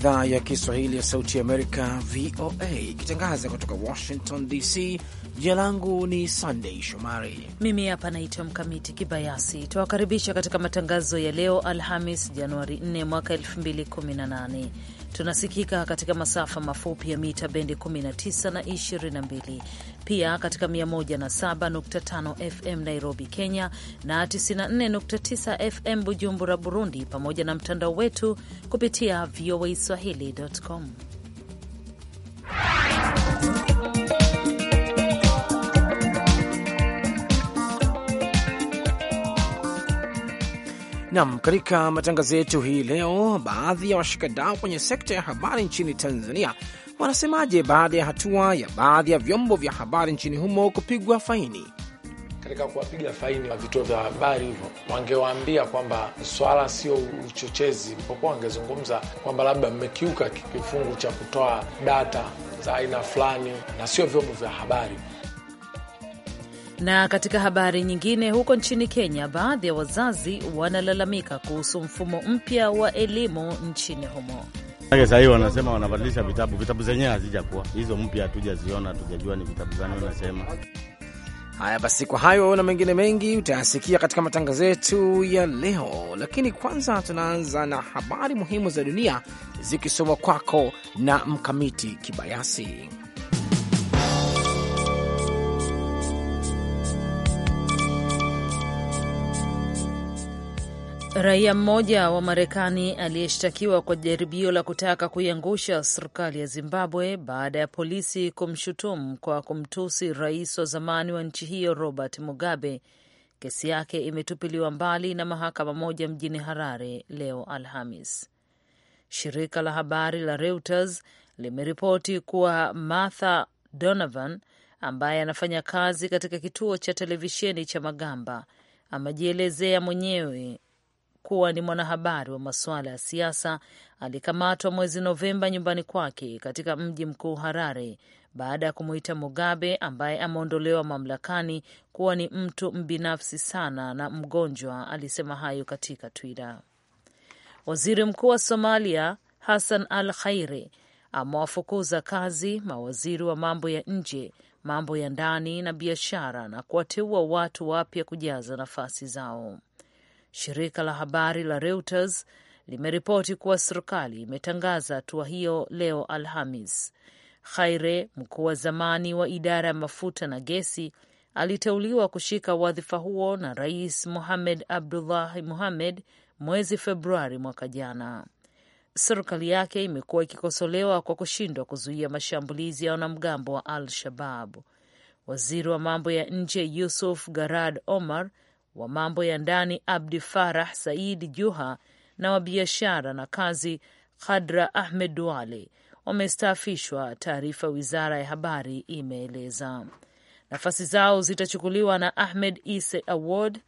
idhaa ya Kiswahili ya Sauti ya Amerika, VOA, ikitangaza kutoka Washington DC. Jina langu ni Sandey Shomari, mimi hapa naitwa Mkamiti Kibayasi. Tunawakaribisha katika matangazo ya leo Alhamis, Januari 4 mwaka 2018. Tunasikika katika masafa mafupi ya mita bendi 19 na 22 pia katika 107.5 FM Nairobi, Kenya na 94.9 FM Bujumbura, Burundi, pamoja na mtandao wetu kupitia VOA Swahili.com. Nam, katika matangazo yetu hii leo, baadhi ya washikadau kwenye sekta ya habari nchini Tanzania wanasemaje baada ya hatua ya baadhi ya vyombo vya habari nchini humo kupigwa faini. Katika kuwapiga faini wa vituo vya habari hivyo, wangewaambia kwamba swala sio uchochezi, mpokuwa wangezungumza kwamba labda mmekiuka kifungu cha kutoa data za aina fulani na sio vyombo vya habari. Na katika habari nyingine, huko nchini Kenya, baadhi ya wazazi wanalalamika kuhusu mfumo mpya wa elimu nchini humo. Sasa hivi wanasema wanabadilisha vitabu, vitabu zenyewe hazijakuwa hizo mpya, hatujaziona, hatujajua ni vitabu gani wanasema. Haya basi, kwa hayo na mengine mengi utayasikia katika matangazo yetu ya leo, lakini kwanza tunaanza na habari muhimu za dunia zikisomwa kwako na Mkamiti Kibayasi. Raia mmoja wa Marekani aliyeshtakiwa kwa jaribio la kutaka kuiangusha serikali ya Zimbabwe baada ya polisi kumshutumu kwa kumtusi rais wa zamani wa nchi hiyo Robert Mugabe, kesi yake imetupiliwa mbali na mahakama moja mjini Harare leo Alhamis. Shirika la habari la Reuters limeripoti kuwa Martha Donovan ambaye anafanya kazi katika kituo cha televisheni cha Magamba amejielezea mwenyewe kuwa ni mwanahabari wa masuala ya siasa alikamatwa mwezi Novemba nyumbani kwake katika mji mkuu Harare baada ya kumuita Mugabe ambaye ameondolewa mamlakani kuwa ni mtu mbinafsi sana na mgonjwa. Alisema hayo katika Twitter. Waziri Mkuu wa Somalia Hassan Al Khairi amewafukuza kazi mawaziri wa mambo ya nje, mambo ya ndani na biashara na kuwateua watu wapya kujaza nafasi zao. Shirika la habari la Reuters limeripoti kuwa serikali imetangaza hatua hiyo leo Alhamis. Khaire, mkuu wa zamani wa idara ya mafuta na gesi, aliteuliwa kushika wadhifa huo na Rais Mohamed Abdullahi Mohamed mwezi Februari mwaka jana. Serikali yake imekuwa ikikosolewa kwa kushindwa kuzuia mashambulizi ya wanamgambo wa Al Shabab. Waziri wa mambo ya nje Yusuf Garad Omar wa mambo ya ndani Abdi Farah Said Juha na wa biashara na kazi Khadra Ahmed Duale wamestaafishwa, taarifa wizara ya habari imeeleza. Nafasi zao zitachukuliwa na Ahmed Ise Award,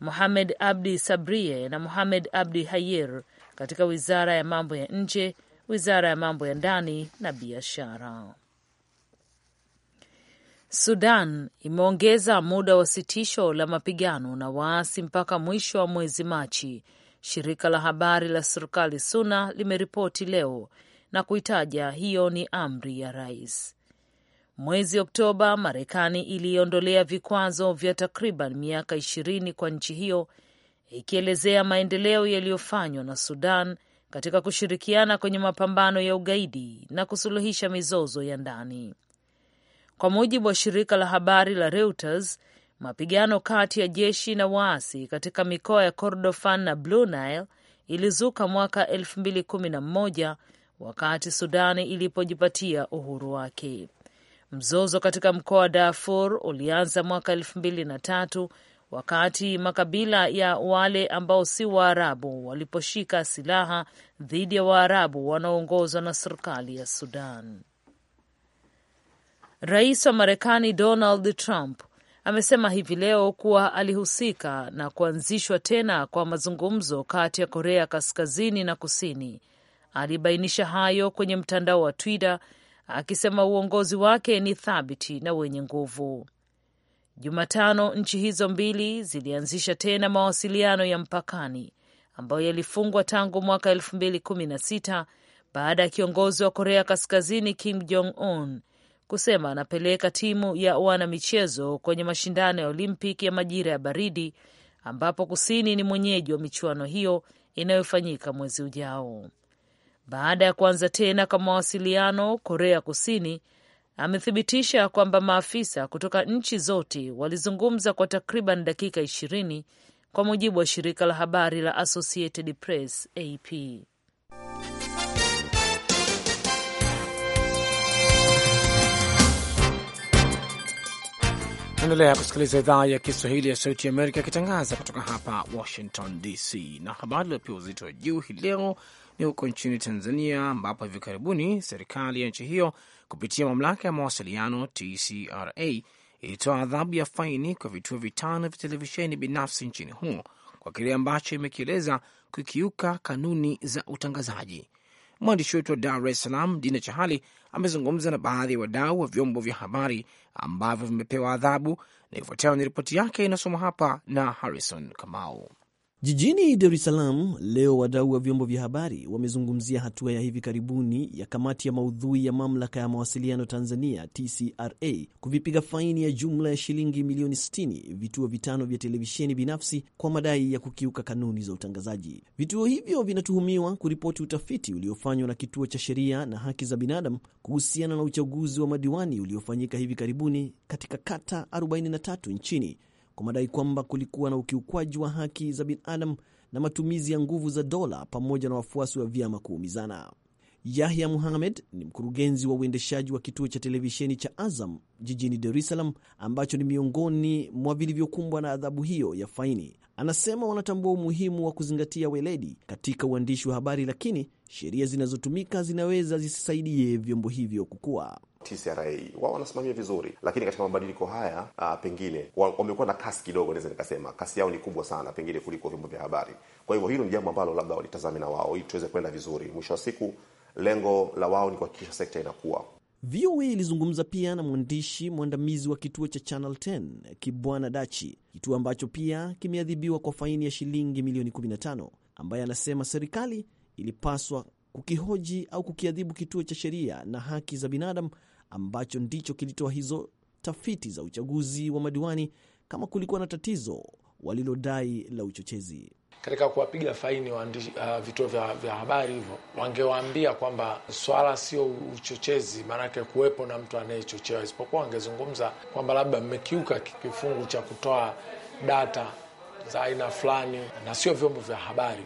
Muhamed Abdi Sabrie na Muhamed Abdi Hayir katika wizara ya mambo ya nje, wizara ya mambo ya ndani na biashara. Sudan imeongeza muda wa sitisho la mapigano na waasi mpaka mwisho wa mwezi Machi, shirika la habari la serikali SUNA limeripoti leo na kuitaja hiyo ni amri ya rais. Mwezi Oktoba, Marekani iliondolea vikwazo vya takriban miaka ishirini kwa nchi hiyo ikielezea maendeleo yaliyofanywa na Sudan katika kushirikiana kwenye mapambano ya ugaidi na kusuluhisha mizozo ya ndani. Kwa mujibu wa shirika la habari la Reuters, mapigano kati ya jeshi na waasi katika mikoa ya Kordofan na Blue Nile ilizuka mwaka 2011 wakati Sudani ilipojipatia uhuru wake. Mzozo katika mkoa wa Darfur ulianza mwaka 2003 wakati makabila ya wale ambao si Waarabu waliposhika silaha dhidi ya Waarabu wanaoongozwa na serikali ya Sudan. Rais wa Marekani Donald Trump amesema hivi leo kuwa alihusika na kuanzishwa tena kwa mazungumzo kati ya Korea Kaskazini na Kusini. Alibainisha hayo kwenye mtandao wa Twitter akisema uongozi wake ni thabiti na wenye nguvu. Jumatano, nchi hizo mbili zilianzisha tena mawasiliano ya mpakani ambayo yalifungwa tangu mwaka 2016 baada ya kiongozi wa Korea Kaskazini Kim Jong Un kusema anapeleka timu ya wanamichezo kwenye mashindano ya Olimpiki ya majira ya baridi ambapo Kusini ni mwenyeji wa michuano hiyo inayofanyika mwezi ujao. Baada ya kuanza tena kwa mawasiliano, Korea Kusini amethibitisha kwamba maafisa kutoka nchi zote walizungumza kwa takriban dakika ishirini, kwa mujibu wa shirika la habari la Associated Press AP. Tunaendelea kusikiliza idhaa ya Kiswahili ya Sauti ya Amerika ikitangaza kutoka hapa Washington DC, na habari iliopewa uzito wa juu hii leo ni huko nchini Tanzania, ambapo hivi karibuni serikali ya nchi hiyo kupitia mamlaka ya mawasiliano TCRA ilitoa adhabu ya faini kwa vituo vitano vya televisheni binafsi nchini humo kwa kile ambacho imekieleza kukiuka kanuni za utangazaji. Mwandishi wetu wa Dar es Salaam, Dina Chahali, amezungumza na baadhi ya wadau wa vyombo vya habari ambavyo vimepewa adhabu, na ifuatayo ni ripoti yake inasoma hapa na Harrison Kamau. Jijini Dar es Salaam leo, wadau wa vyombo vya habari wamezungumzia hatua ya hivi karibuni ya kamati ya maudhui ya mamlaka ya mawasiliano Tanzania TCRA kuvipiga faini ya jumla ya shilingi milioni 60 vituo vitano vya televisheni binafsi kwa madai ya kukiuka kanuni za utangazaji. Vituo hivyo vinatuhumiwa kuripoti utafiti uliofanywa na Kituo cha Sheria na Haki za Binadamu kuhusiana na uchaguzi wa madiwani uliofanyika hivi karibuni katika kata 43 nchini kwa madai kwamba kulikuwa na ukiukwaji wa haki za binadamu na matumizi ya nguvu za dola pamoja na wafuasi wa vyama kuumizana. Yahya Muhamed ni mkurugenzi wa uendeshaji wa kituo cha televisheni cha Azam jijini Dar es Salaam ambacho ni miongoni mwa vilivyokumbwa na adhabu hiyo ya faini. Anasema wanatambua umuhimu wa kuzingatia weledi katika uandishi wa habari, lakini sheria zinazotumika zinaweza zisisaidie vyombo hivyo kukua. TCRA wao wanasimamia vizuri, lakini katika mabadiliko haya a, ah, pengine wamekuwa na kasi kidogo, naweza nikasema kasi yao ni kubwa sana pengine kuliko vyombo vya habari. Kwa hivyo hilo ni jambo ambalo labda walitazame na wao ili tuweze kwenda vizuri. Mwisho wa siku, lengo la wao ni kuhakikisha sekta inakuwa. VOA ilizungumza pia na mwandishi mwandamizi wa kituo cha Channel 10 Kibwana Dachi, kituo ambacho pia kimeadhibiwa kwa faini ya shilingi milioni 15, ambaye anasema serikali ilipaswa kukihoji au kukiadhibu kituo cha sheria na haki za binadamu ambacho ndicho kilitoa hizo tafiti za uchaguzi wa madiwani kama kulikuwa na tatizo walilodai la uchochezi. Katika kuwapiga faini uh, vituo vya, vya habari hivyo, wangewaambia kwamba swala sio uchochezi, maanake kuwepo na mtu anayechochewa, isipokuwa wangezungumza kwamba labda mmekiuka kifungu cha kutoa data za aina fulani, na sio vyombo vya habari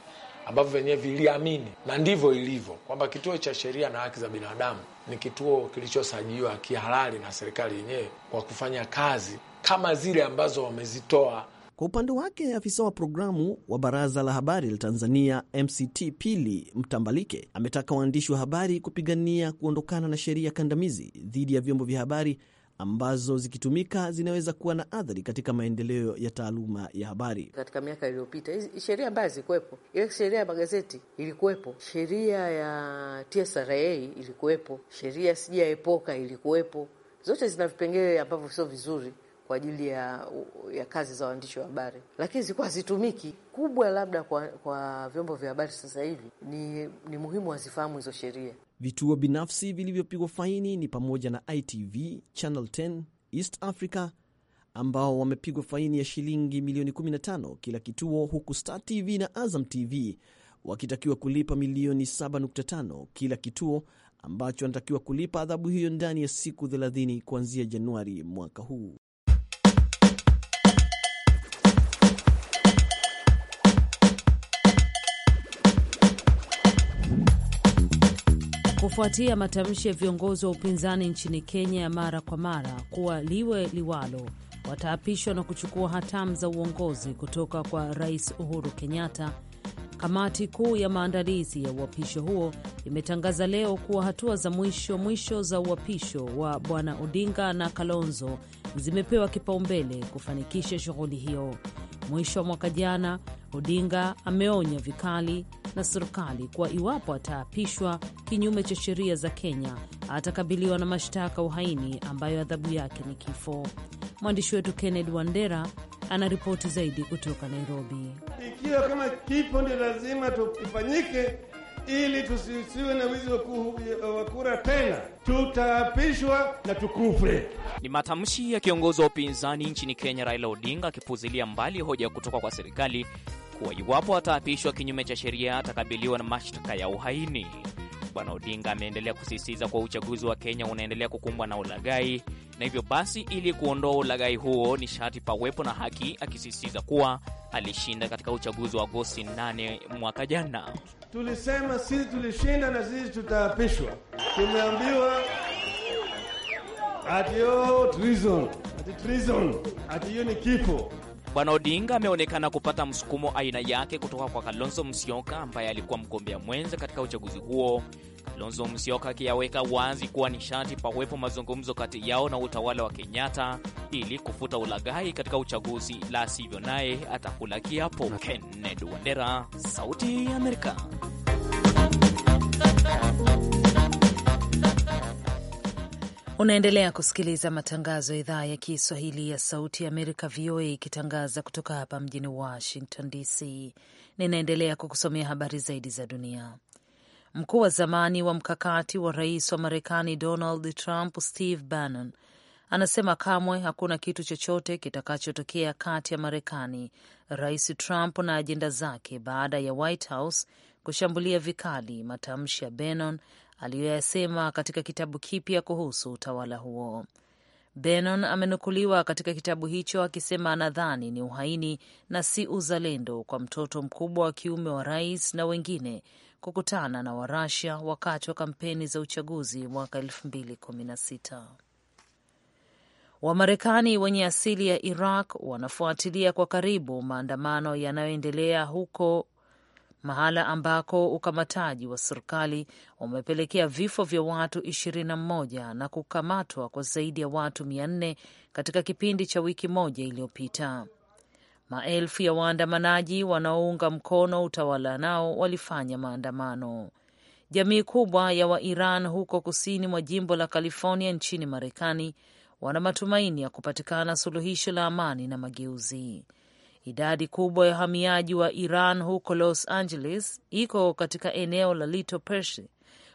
ambavyo vyenyewe viliamini, na ndivyo ilivyo kwamba kituo cha sheria na haki za binadamu ni kituo kilichosajiliwa kihalali na serikali yenyewe kwa kufanya kazi kama zile ambazo wamezitoa. Kwa upande wake afisa wa programu wa Baraza la Habari la Tanzania MCT Pili Mtambalike ametaka waandishi wa habari kupigania kuondokana na sheria kandamizi dhidi ya vyombo vya habari ambazo zikitumika zinaweza kuwa na athari katika maendeleo ya taaluma ya habari. Katika miaka iliyopita sheria ambayo zikuwepo, ile sheria ya magazeti ilikuwepo, sheria ya TSRA ilikuwepo, sheria sija epoka ilikuwepo, zote zina vipengele ambavyo sio vizuri kwa ajili ya, ya kazi za waandishi wa habari, lakini zilikuwa hazitumiki. Kubwa labda kwa, kwa vyombo vya habari sasa hivi ni, ni muhimu wazifahamu hizo sheria. Vituo binafsi vilivyopigwa faini ni pamoja na ITV, Channel 10, East Africa ambao wamepigwa faini ya shilingi milioni 15 kila kituo, huku Star TV na Azam TV wakitakiwa kulipa milioni 7.5 kila kituo ambacho wanatakiwa kulipa adhabu hiyo ndani ya siku 30 kuanzia Januari mwaka huu. kufuatia matamshi ya viongozi wa upinzani nchini Kenya ya mara kwa mara kuwa liwe liwalo wataapishwa na kuchukua hatamu za uongozi kutoka kwa Rais Uhuru Kenyatta. Kamati kuu ya maandalizi ya uapisho huo imetangaza leo kuwa hatua za mwisho mwisho za uapisho wa Bwana Odinga na Kalonzo zimepewa kipaumbele kufanikisha shughuli hiyo. Mwisho wa mwaka jana, Odinga ameonya vikali na serikali kuwa iwapo ataapishwa kinyume cha sheria za Kenya atakabiliwa na mashtaka uhaini ambayo adhabu yake ni kifo. Mwandishi wetu Kennedy Wandera ana ripoti zaidi kutoka Nairobi. Ikiwa kama kipo ndio lazima tukifanyike ili tusiusiwe na wizi wa kura tena, tutaapishwa na tukufe. Ni matamshi ya kiongozi wa upinzani nchini Kenya, Raila Odinga, akipuzilia mbali hoja kutoka kwa serikali kuwa iwapo ataapishwa kinyume cha sheria atakabiliwa na mashtaka ya uhaini. Bwana Odinga ameendelea kusisitiza kuwa uchaguzi wa Kenya unaendelea kukumbwa na ulaghai, na hivyo basi, ili kuondoa ulaghai huo ni sharti pawepo na haki, akisisitiza kuwa alishinda katika uchaguzi wa Agosti 8 mwaka jana. Tulisema sisi tulishinda na sisi tutaapishwa, tumeambiwa ati treason, ati treason, ati hiyo ni kifo Bwana Odinga ameonekana kupata msukumo aina yake kutoka kwa Kalonzo Musyoka ambaye alikuwa mgombea mwenza katika uchaguzi huo, Kalonzo Musyoka akiyaweka wazi kuwa nishati pawepo mazungumzo kati yao na utawala wa Kenyatta ili kufuta ulaghai katika uchaguzi, la sivyo naye atakula kiapo. Kennedy Wandera, Sauti ya Amerika. Unaendelea kusikiliza matangazo ya idhaa ya Kiswahili ya Sauti ya Amerika, VOA, ikitangaza kutoka hapa mjini Washington DC. Ninaendelea kukusomea habari zaidi za dunia. Mkuu wa zamani wa mkakati wa rais wa Marekani Donald Trump, Steve Bannon, anasema kamwe hakuna kitu chochote kitakachotokea kati ya Marekani, Rais Trump na ajenda zake baada ya White House kushambulia vikali matamshi ya Bannon aliyoyasema katika kitabu kipya kuhusu utawala huo. Bannon amenukuliwa katika kitabu hicho akisema anadhani ni uhaini na si uzalendo kwa mtoto mkubwa wa kiume wa rais na wengine kukutana na Warusia wakati wa kampeni za uchaguzi mwaka 2016. Wamarekani wenye asili ya Iraq wanafuatilia kwa karibu maandamano yanayoendelea huko mahala ambako ukamataji wa serikali umepelekea vifo vya watu ishirini na kukamatwa kwa zaidi ya watu mia nne katika kipindi cha wiki moja iliyopita. Maelfu ya waandamanaji wanaounga mkono utawala nao walifanya maandamano. Jamii kubwa ya Wairan huko kusini mwa jimbo la California nchini Marekani wana matumaini ya kupatikana suluhisho la amani na mageuzi. Idadi kubwa ya wahamiaji wa Iran huko Los Angeles iko katika eneo la Little Persia,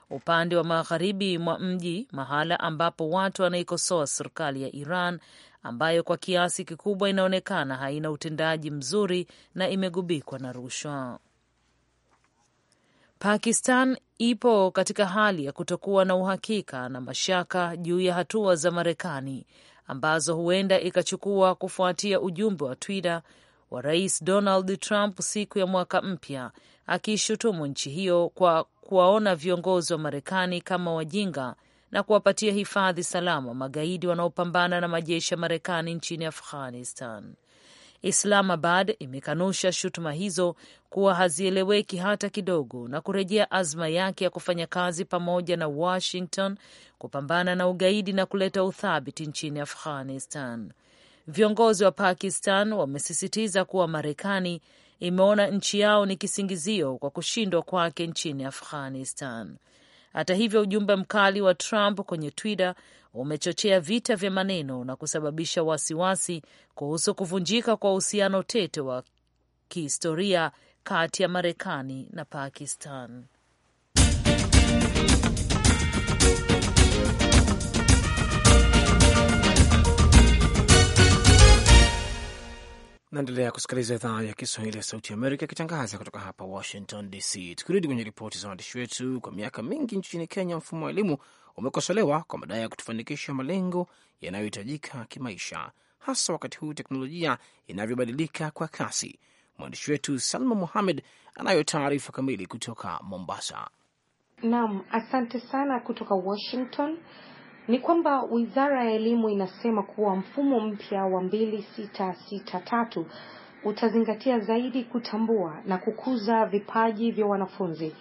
upande wa magharibi mwa mji, mahala ambapo watu wanaikosoa serikali ya Iran ambayo kwa kiasi kikubwa inaonekana haina utendaji mzuri na imegubikwa na rushwa. Pakistan ipo katika hali ya kutokuwa na uhakika na mashaka juu ya hatua za Marekani ambazo huenda ikachukua kufuatia ujumbe wa Twitter wa Rais Donald Trump siku ya mwaka mpya, akiishutumu nchi hiyo kwa kuwaona viongozi wa Marekani kama wajinga na kuwapatia hifadhi salama magaidi wanaopambana na majeshi ya Marekani nchini Afghanistan. Islamabad imekanusha shutuma hizo kuwa hazieleweki hata kidogo na kurejea azma yake ya kufanya kazi pamoja na Washington kupambana na ugaidi na kuleta uthabiti nchini Afghanistan. Viongozi wa Pakistan wamesisitiza kuwa Marekani imeona nchi yao ni kisingizio kwa kushindwa kwake nchini Afghanistan. Hata hivyo, ujumbe mkali wa Trump kwenye Twitter umechochea vita vya maneno na kusababisha wasiwasi kuhusu kuvunjika kwa uhusiano tete wa kihistoria kati ya Marekani na Pakistan. Naendelea kusikiliza idhaa ya Kiswahili ya Sauti Amerika ikitangaza kutoka hapa Washington DC. Tukirudi kwenye ripoti za waandishi wetu, kwa miaka mingi nchini Kenya mfumo wa elimu umekosolewa kwa madai ya kutufanikisha malengo yanayohitajika kimaisha, hasa wakati huu teknolojia inavyobadilika kwa kasi. Mwandishi wetu Salma muhamed anayo taarifa kamili kutoka Mombasa. Naam, asante sana kutoka Washington ni kwamba Wizara ya Elimu inasema kuwa mfumo mpya wa tatu utazingatia zaidi kutambua na kukuza vipaji vya wanafunzi,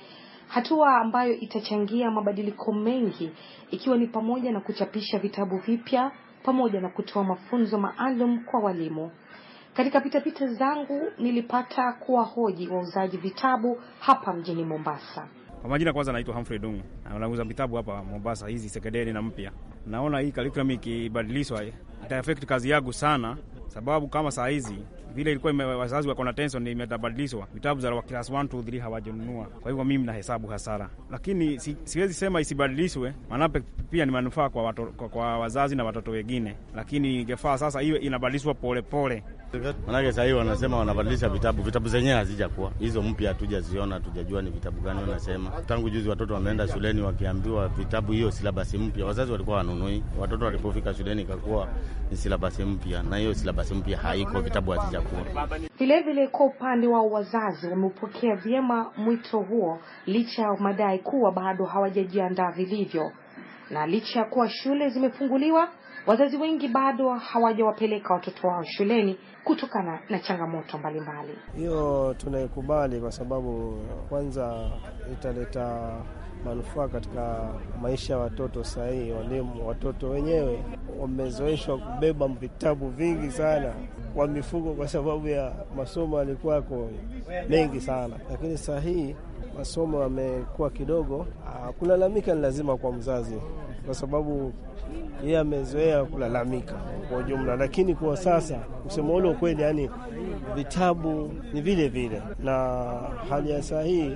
hatua ambayo itachangia mabadiliko mengi ikiwa ni pamoja na kuchapisha vitabu vipya pamoja na kutoa mafunzo maalum kwa walimu. Katika pitapita zangu nilipata kuwa hoji wauzaji vitabu hapa mjini Mombasa. Kwa majina kwanza naitwa Humphrey Dung. nauza vitabu hapa Mombasa, hizi sekondari na mpya. Naona hii curriculum ikibadilishwa ita affect kazi yangu sana, sababu kama saa hizi vile ilikuwa wazazi wako na tension imetabadilishwa, vitabu za class 1 2 3 hawajanunua. Kwa hivyo mimi nahesabu hasara, lakini si, siwezi sema isibadilishwe, maanape pia ni manufaa kwa, kwa, kwa wazazi na watoto wengine, lakini ingefaa sasa iwe inabadilishwa pole pole. Manake sahii wanasema wanabadilisha vitabu, vitabu zenyewe hazijakuwa hizo mpya, hatujaziona, hatujajua ni vitabu gani wanasema. Tangu juzi watoto wameenda shuleni wakiambiwa vitabu, hiyo silabasi mpya. Wazazi walikuwa wanunui, watoto walipofika shuleni ikakuwa ni silabasi mpya, na hiyo silabasi mpya haiko, vitabu hazijakuwa. Vilevile kwa upande wa wazazi wamepokea vyema mwito huo, licha ya madai kuwa bado hawajajiandaa vilivyo, na licha ya kuwa shule zimefunguliwa, wazazi wengi bado hawajawapeleka watoto wao shuleni kutokana na changamoto mbalimbali. Hiyo tunaikubali kwa sababu kwanza italeta manufaa katika maisha ya watoto. Sahihi, hii walimu, watoto wenyewe wamezoeshwa kubeba vitabu vingi sana kwa mifugo, kwa sababu ya masomo yalikuwako mengi sana, lakini sahihi hii masomo yamekuwa kidogo. Ah, kulalamika ni lazima kwa mzazi, kwa sababu yeye amezoea kulalamika kwa ujumla, lakini kwa sasa kusema ule ukweli, yani vitabu ni vile vile, na hali ya saa hii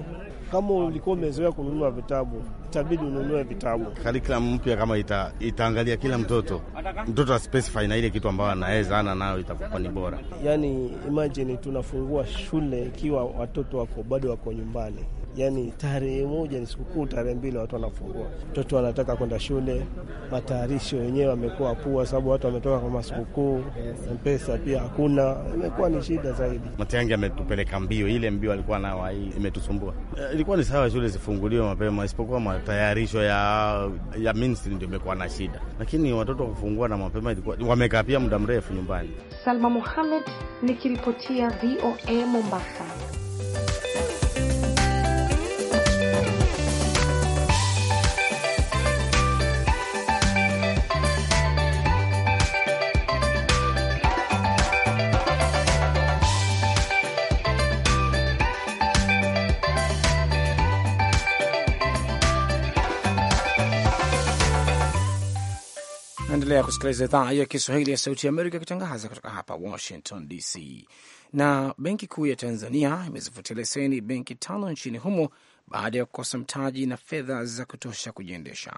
kama ulikuwa umezoea kununua vitabu itabidi ununue vitabu. Karikulam mpya kama ita, itaangalia kila mtoto mtoto aspecify na ile kitu ambayo anaweza ana nayo itakuwa ni bora. Yani imagine tunafungua shule ikiwa watoto wako bado wako nyumbani, yani tarehe moja ni sikukuu, tarehe mbili watu wanafungua, mtoto wanataka kwenda shule, matayarisho yenyewe amekuwa pua, sababu watu wametoka kwa masikukuu, mpesa pia hakuna, imekuwa ni shida zaidi. Matiangi ametupeleka mbio, ile mbio alikuwa nao hii imetusumbua. Eh, ilikuwa ni sawa shule zifunguliwe mapema, isipokuwa matayarisho ya ya ministry ndio imekuwa na shida, lakini watoto kufungua na mapema ilikuwa wamekaa pia muda mrefu nyumbani. Salma muhamed nikiripotia VOA Mombasa. Mnaendelea kusikiliza idhaa ya Kiswahili ya Sauti ya Amerika ikitangaza kutoka hapa Washington DC. Na Benki Kuu ya Tanzania imezifutia leseni benki tano nchini humo baada ya kukosa mtaji na fedha za kutosha kujiendesha.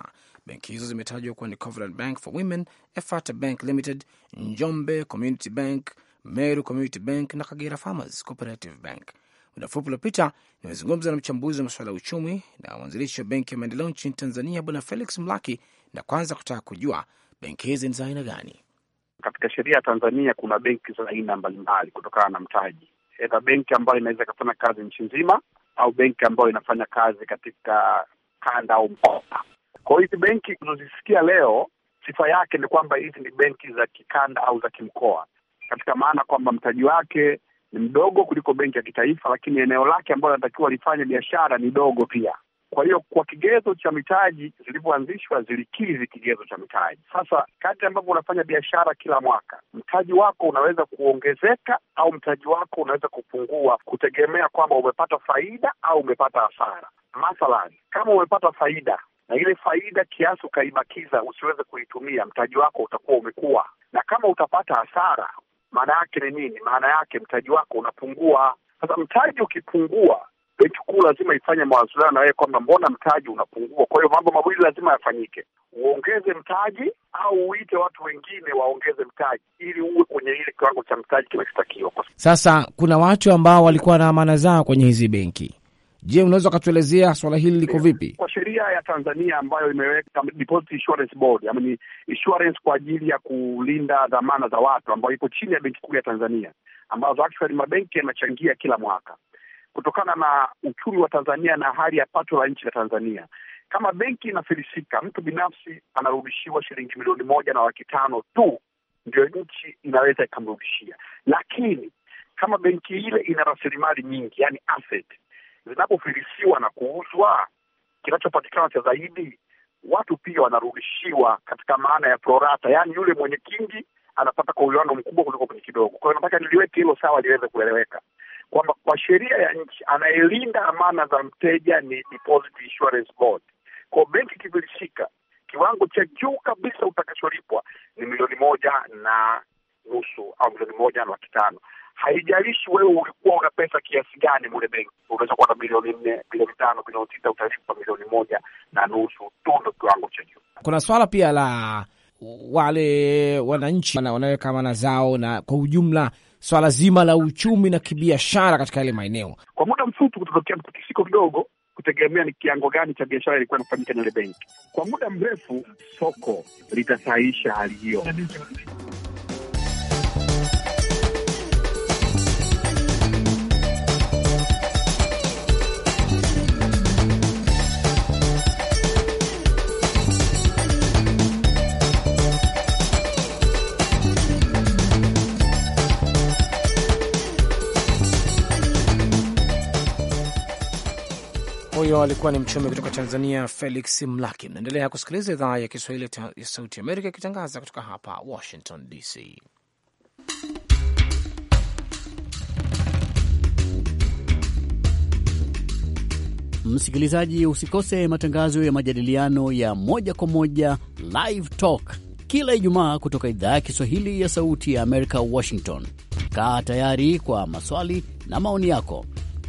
Benki hizo zimetajwa kuwa ni Covenant Bank for Women, Efata Bank Limited, Njombe Community Bank, Meru Community Bank na Kagera Farmers Cooperative Bank. Muda mfupi uliopita nimezungumza na mchambuzi wa masuala ya uchumi na mwanzilishi wa Benki ya Maendeleo nchini Tanzania, Bwana Felix Mlaki, na kwanza kutaka kujua benki hizi ni za aina gani? Katika sheria ya Tanzania kuna benki za aina mbalimbali kutokana na mtaji, edha benki ambayo inaweza ikafanya kazi nchi nzima au benki ambayo inafanya kazi katika kanda au mkoa. Kwa hiyo hizi benki unazisikia leo, sifa yake ni kwamba hizi ni benki za kikanda au za kimkoa, katika maana kwamba mtaji wake ni mdogo kuliko benki ya kitaifa, lakini eneo lake ambalo anatakiwa lifanye biashara ni dogo pia. Kwa hiyo kwa kigezo cha mitaji zilivyoanzishwa zilikizi kigezo cha mitaji. Sasa kati ambavyo unafanya biashara kila mwaka, mtaji wako unaweza kuongezeka au mtaji wako unaweza kupungua kutegemea kwamba umepata faida au umepata hasara. Mathalan, kama umepata faida na ile faida kiasi ukaibakiza usiweze kuitumia, mtaji wako utakuwa umekuwa, na kama utapata hasara, maana yake ni nini? Maana yake mtaji wako unapungua. Sasa mtaji ukipungua benki kuu lazima ifanye mawasiliano na yeye kwamba mbona mtaji unapungua. Kwa hiyo mambo mawili lazima yafanyike, uongeze mtaji au uite watu wengine waongeze mtaji ili uwe kwenye ile kiwango cha mtaji kinachotakiwa. Sasa kuna watu ambao walikuwa na amana zao kwenye hizi benki. Je, unaweza ukatuelezea swala hili liko eh, vipi? Kwa sheria ya Tanzania ambayo imeweka Deposit Insurance Board, yaani insurance kwa ajili ya kulinda dhamana za watu, ambayo ipo chini ya benki kuu ya Tanzania, ambazo actually mabenki yanachangia kila mwaka kutokana na uchumi wa Tanzania na hali ya pato la nchi ya Tanzania. Kama benki inafilisika, mtu binafsi anarudishiwa shilingi milioni moja na laki tano tu ndio nchi inaweza ikamrudishia, lakini kama benki ile ina rasilimali nyingi, yani asset zinapofilisiwa na kuuzwa, kinachopatikana cha zaidi watu pia wanarudishiwa katika maana ya prorata, yani yule mwenye kingi anapata kwa uwiano mkubwa kuliko kwenye kidogo. Kwa hiyo nataka niliweke hilo sawa liweze kueleweka kwamba kwa sheria ya nchi anayelinda amana za mteja ni Deposit Insurance Board. Kwa benki kivilishika kiwango cha juu kabisa utakacholipwa ni milioni moja na nusu au milioni moja na laki tano. Haijalishi wewe ulikuwa una pesa kiasi gani mule benki, unaweza kuwa na milioni nne, milioni tano, milioni sita, utalipwa milioni moja na nusu tu, ndo kiwango cha juu. Kuna swala pia la wale wananchi wanaweka amana zao na kwa ujumla swala zima la uchumi na kibiashara katika yale maeneo kwa muda mfupi, kutokea mtikisiko kidogo, kutegemea ni kiango gani cha biashara ilikuwa inafanyika na ile benki. Kwa muda mrefu, soko litasaisha hali hiyo. Huyo alikuwa ni mchumi kutoka Tanzania, Felix Mlaki. Mnaendelea kusikiliza idhaa ya Kiswahili ya Sauti Amerika ikitangaza kutoka hapa Washington DC. Msikilizaji, usikose matangazo ya majadiliano ya moja kwa moja, Live Talk, kila Ijumaa kutoka idhaa ya Kiswahili ya Sauti ya Amerika, Washington. Kaa tayari kwa maswali na maoni yako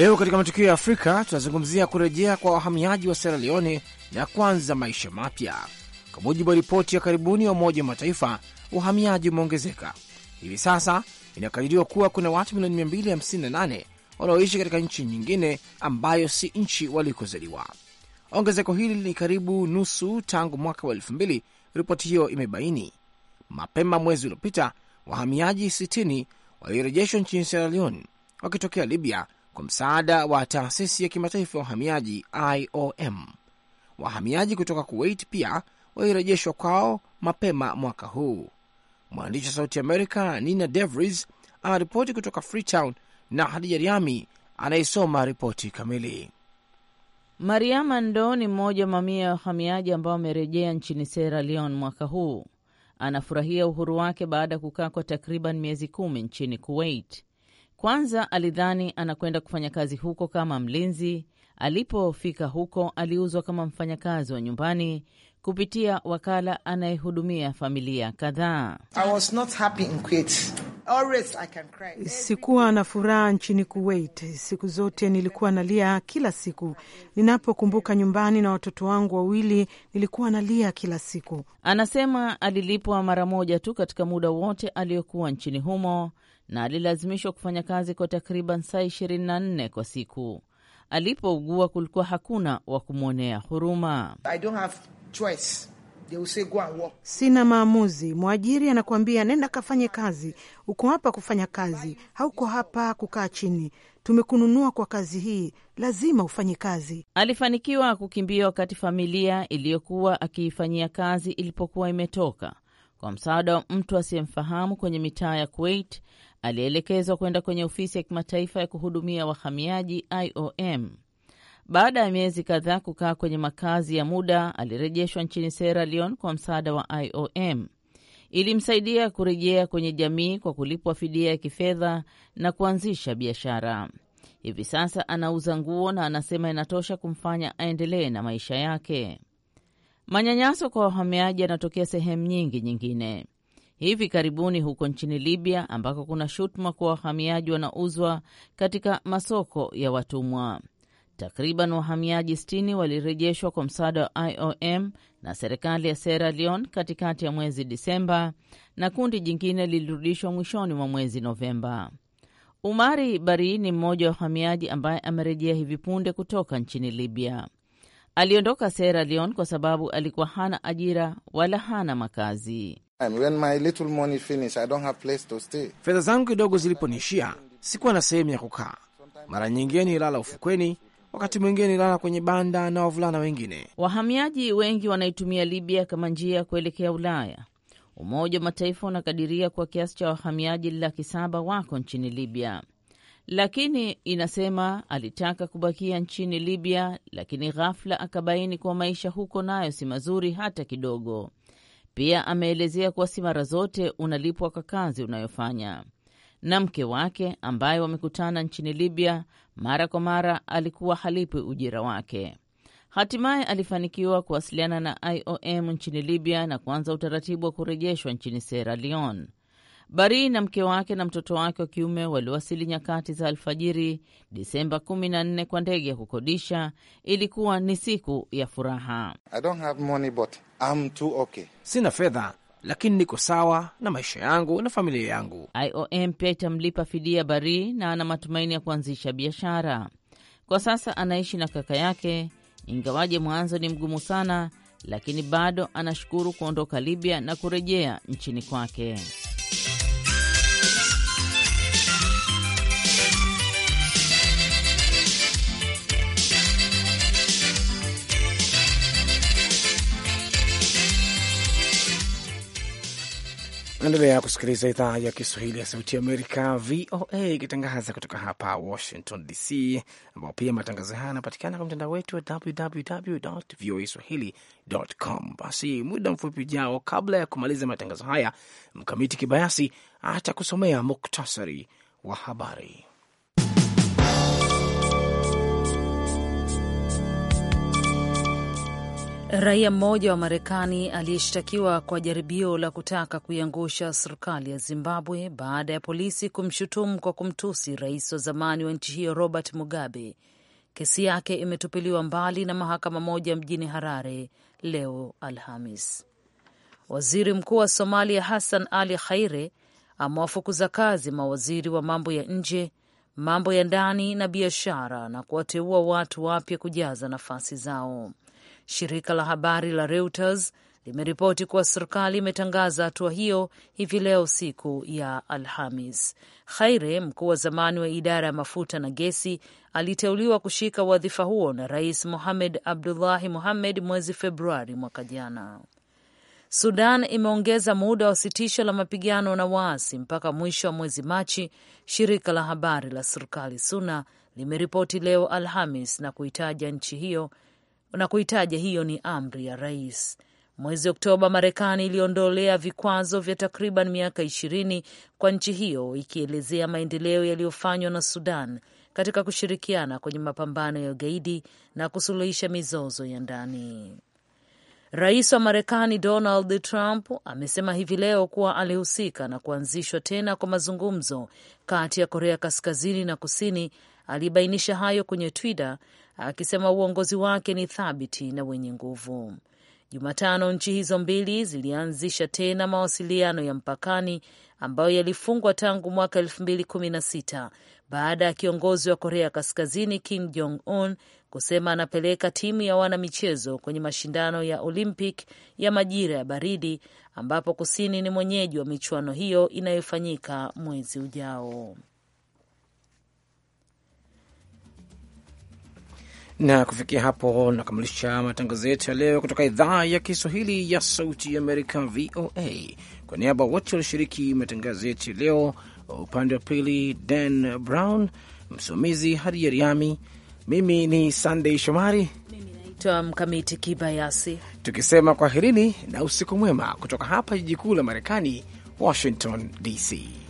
Leo katika matukio ya Afrika tunazungumzia kurejea kwa wahamiaji wa Sierra Leone na kuanza maisha mapya. Kwa mujibu wa ripoti ya karibuni ya Umoja wa Mataifa, uhamiaji umeongezeka hivi sasa. Inakadiriwa kuwa kuna watu milioni 258 wanaoishi katika nchi nyingine ambayo si nchi walikozaliwa. Ongezeko hili ni karibu nusu tangu mwaka wa 20 ripoti hiyo imebaini. Mapema mwezi uliopita wahamiaji 60 walirejeshwa nchini Sierra Leone wakitokea Libya kwa msaada wa taasisi ya kimataifa ya wahamiaji IOM. Wahamiaji kutoka Kuwait pia walirejeshwa kwao mapema mwaka huu. Mwandishi wa Sauti Amerika Nina Devries anaripoti kutoka Freetown na Hadija Riami anayesoma ripoti kamili. Mariama Ndo ni mmoja wa mamia ya wahamiaji ambao wamerejea nchini Sierra Leone mwaka huu. Anafurahia uhuru wake baada ya kukaa kwa takriban miezi kumi nchini Kuwait. Kwanza alidhani anakwenda kufanya kazi huko kama mlinzi. Alipofika huko, aliuzwa kama mfanyakazi wa nyumbani kupitia wakala anayehudumia familia kadhaa. Sikuwa na furaha nchini Kuwait. Siku zote nilikuwa nalia kila siku ninapokumbuka nyumbani na watoto wangu wawili, nilikuwa nalia kila siku. Anasema alilipwa mara moja tu katika muda wote aliyokuwa nchini humo, na alilazimishwa kufanya kazi kwa takriban saa 24 kwa siku. Alipougua kulikuwa hakuna wa kumwonea huruma. I don't have choice. Sina maamuzi. Mwajiri anakuambia nenda kafanye kazi. Uko hapa kufanya kazi, hauko hapa kukaa chini. Tumekununua kwa kazi hii, lazima ufanye kazi. Alifanikiwa kukimbia wakati familia iliyokuwa akiifanyia kazi ilipokuwa imetoka, kwa msaada wa mtu asiyemfahamu kwenye mitaa ya Kuwait alielekezwa kwenda kwenye ofisi ya kimataifa ya kuhudumia wahamiaji IOM. Baada ya miezi kadhaa kukaa kwenye makazi ya muda, alirejeshwa nchini Sierra Leone kwa msaada wa IOM. Ilimsaidia kurejea kwenye jamii kwa kulipwa fidia ya kifedha na kuanzisha biashara. Hivi sasa anauza nguo na anasema inatosha kumfanya aendelee na maisha yake. Manyanyaso kwa wahamiaji yanatokea sehemu nyingi nyingine hivi karibuni huko nchini Libya ambako kuna shutuma kuwa wahamiaji wanauzwa katika masoko ya watumwa. Takriban wahamiaji 60 walirejeshwa kwa msaada wa IOM na serikali ya Sierra Leone katikati ya mwezi Disemba na kundi jingine lilirudishwa mwishoni mwa mwezi Novemba. Umari Bari ni mmoja wa wahamiaji ambaye amerejea hivi punde kutoka nchini Libya. Aliondoka Sierra Leone kwa sababu alikuwa hana ajira wala hana makazi. Fedha zangu kidogo ziliponiishia, sikuwa na sehemu ya kukaa. Mara nyingine nilala ufukweni, wakati mwingine nilala kwenye banda na wavulana wengine. Wahamiaji wengi wanaitumia Libya kama njia ya kuelekea Ulaya. Umoja wa Mataifa unakadiria kwa kiasi cha wahamiaji laki saba wako nchini Libya, lakini inasema alitaka kubakia nchini Libya, lakini ghafla akabaini kuwa maisha huko nayo si mazuri hata kidogo. Pia ameelezea kuwa si mara zote unalipwa kwa kazi unayofanya. Na mke wake ambaye wamekutana nchini Libya mara kwa mara alikuwa halipwi ujira wake. Hatimaye alifanikiwa kuwasiliana na IOM nchini Libya na kuanza utaratibu wa kurejeshwa nchini Sierra Leone. Bari na mke wake na mtoto wake wa kiume waliwasili nyakati za alfajiri Disemba 14 kwa ndege ya kukodisha. Ilikuwa ni siku ya furaha. I don't have money, but I'm too okay. Sina fedha lakini niko sawa na maisha yangu na familia yangu. IOM pia itamlipa fidia Bari na ana matumaini ya kuanzisha biashara. Kwa sasa anaishi na kaka yake, ingawaje mwanzo ni mgumu sana, lakini bado anashukuru kuondoka Libya na kurejea nchini kwake. Unaendelea kusikiliza idhaa ya Kiswahili ya Sauti Amerika, VOA, ikitangaza kutoka hapa Washington DC, ambao pia matangazo haya yanapatikana kwa mtandao wetu wa www voa swahili.com. Basi muda mfupi ujao, kabla ya kumaliza matangazo haya, Mkamiti Kibayasi atakusomea muktasari wa habari. Raia mmoja wa Marekani aliyeshtakiwa kwa jaribio la kutaka kuiangusha serikali ya Zimbabwe baada ya polisi kumshutumu kwa kumtusi rais wa zamani wa nchi hiyo Robert Mugabe, kesi yake imetupiliwa mbali na mahakama moja mjini Harare leo Alhamis. Waziri Mkuu wa Somalia Hassan Ali Khaire amewafukuza kazi mawaziri wa mambo ya nje, mambo ya ndani na biashara na kuwateua watu wapya kujaza nafasi zao. Shirika la habari la Reuters limeripoti kuwa serikali imetangaza hatua hiyo hivi leo siku ya Alhamis. Khaire, mkuu wa zamani wa idara ya mafuta na gesi, aliteuliwa kushika wadhifa huo na Rais Mohamed Abdullahi Mohamed mwezi Februari mwaka jana. Sudan imeongeza muda wa sitisho la mapigano na waasi mpaka mwisho wa mwezi Machi, shirika la habari la serikali SUNA limeripoti leo Alhamis na kuitaja nchi hiyo na kuitaja hiyo ni amri ya rais. Mwezi Oktoba, Marekani iliondolea vikwazo vya takriban miaka ishirini kwa nchi hiyo, ikielezea maendeleo yaliyofanywa na Sudan katika kushirikiana kwenye mapambano ya ugaidi na kusuluhisha mizozo ya ndani. Rais wa Marekani Donald Trump amesema hivi leo kuwa alihusika na kuanzishwa tena kwa mazungumzo kati ya Korea Kaskazini na Kusini. Alibainisha hayo kwenye Twitter akisema uongozi wake ni thabiti na wenye nguvu. Jumatano nchi hizo mbili zilianzisha tena mawasiliano ya mpakani ambayo yalifungwa tangu mwaka sita baada ya kiongozi wa Korea Kaskazini Kim Jong Un kusema anapeleka timu ya wanamichezo kwenye mashindano ya Olympic ya majira ya baridi ambapo Kusini ni mwenyeji wa michuano hiyo inayofanyika mwezi ujao. Na kufikia hapo nakamilisha matangazo yetu ya leo kutoka idhaa ya Kiswahili ya Sauti ya Amerika, VOA. Kwa niaba wote walioshiriki matangazo yetu ya leo, upande wa pili Dan Brown, msimamizi Hadi Yariami, mimi ni Sandey Shomari Mkamiti Kibayasi, tukisema kwaherini na usiku mwema kutoka hapa jiji kuu la Marekani, Washington DC.